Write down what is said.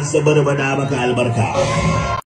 asabar bana maka albarka